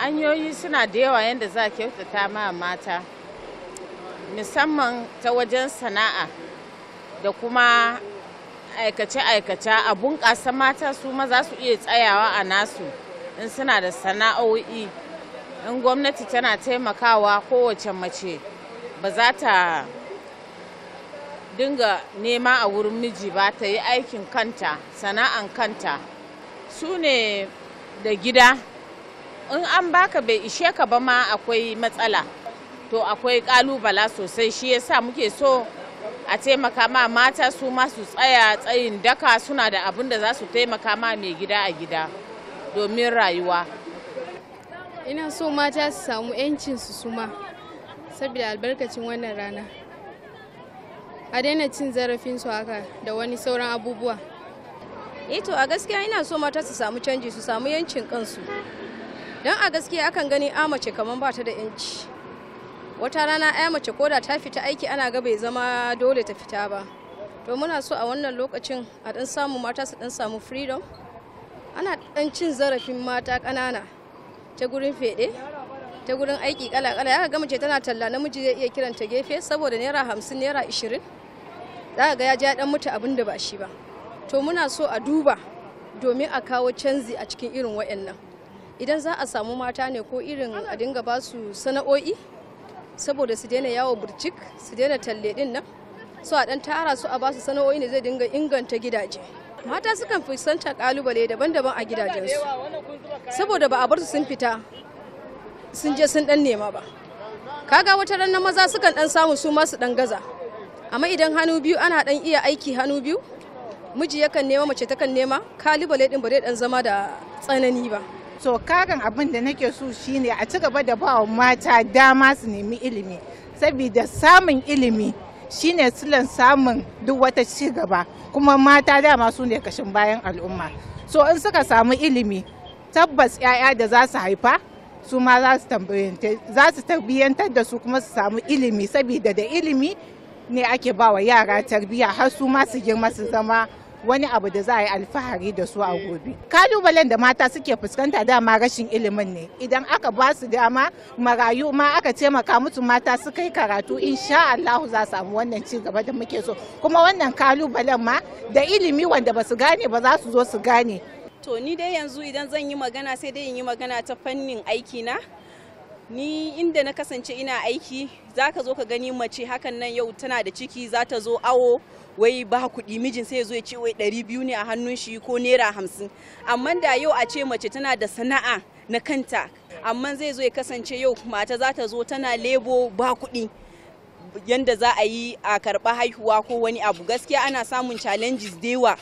hanyoyi suna da yawa yadda za a kyautata ma mata musamman ta wajen sana'a da kuma aikace-aikace a bunƙasa mata su maza su iya tsayawa a nasu in suna da sana'o'i in gwamnati tana taimakawa kowace mace ba za ta dinga nema a wurin miji ba ta yi aikin kanta sana'an kanta su ne da gida in an baka bai ishe ka ba ma akwai matsala to akwai kalubala sosai shi yasa muke so a taimaka ma mata su ma su tsaya tsayin daka suna da abin da za su taimaka ma mai gida a gida domin rayuwa ina so mata su samu 'yancinsu su ma saboda albarkacin wannan rana a daina cin zarafinsu haka da wani sauran abubuwa. Eh to a gaskiya ina so mata su samu canji su samu yancin kansu don a gaskiya akan gani a mace kamar ba ta da yanci wata rana a mace koda ta fita aiki ana ga bai zama dole ta fita ba to muna so a wannan lokacin a dan samu mata su dan samu freedom ana dan cin zarafin mata ƙanana ta gurin fede ta gurin aiki kala-kala ya ga mace tana talla namiji zai iya kiranta gefe saboda naira hamsin naira ishirin za ga ya ja dan mutu abin da ba shi ba to muna so a duba domin a kawo canzi a cikin irin waɗannan idan za a samu mata ne ko irin a dinga ba su sana'o'i saboda su daina yawo burcik su daina talle din nan su a dan tara su a ba su sana'o'i ne zai dinga inganta gidaje mata sukan fuskantar kalubale daban-daban a gidajensu saboda ba a bar su sun fita sun je sun dan nema ba kaga wata ran maza sukan dan samu su ma su dan gaza amma idan hannu biyu ana dan iya aiki hannu biyu miji yakan nema mace takan nema kalibale din ba zai dan zama da tsanani ba to karin abin da nake so shine a ci gaba da bawa mata dama su nemi ilimi saboda samun ilimi shine silan samun duk wata ci gaba kuma mata dama su ne kashin bayan al'umma so in suka samu ilimi tabbas 'ya'ya da za su haifa su ma za su tarbiyyantar da su kuma su samu ilimi saboda da ilimi ne ake bawa yara tarbiyya har su ma su girma su zama wani abu da za a yi alfahari da su a gobe kalubalen da mata suke fuskanta dama rashin ilimin ne idan aka ba su dama marayu ma aka taimaka mutum mata su kai karatu insha Allah za samu wannan ci gaba da muke so kuma wannan kalubalen ma da ilimi wanda ba su gane ba za su zo su gane to ni dai yanzu idan zan yi magana sai dai in yi magana ta fannin aiki na ni inda na kasance ina aiki za ka zo ka gani mace hakan nan yau tana da ciki za ta zo awo wai ba kuɗi mijin sai zo ya ce wai ɗari biyu ne a hannun shi ko naira hamsin amma da yau a ce mace tana da sana'a na kanta amma zai zo ya kasance yau mata za ta zo tana lebo ba kuɗi yanda za a yi a karɓa haihuwa ko wani abu gaskiya ana samun challenges da yawa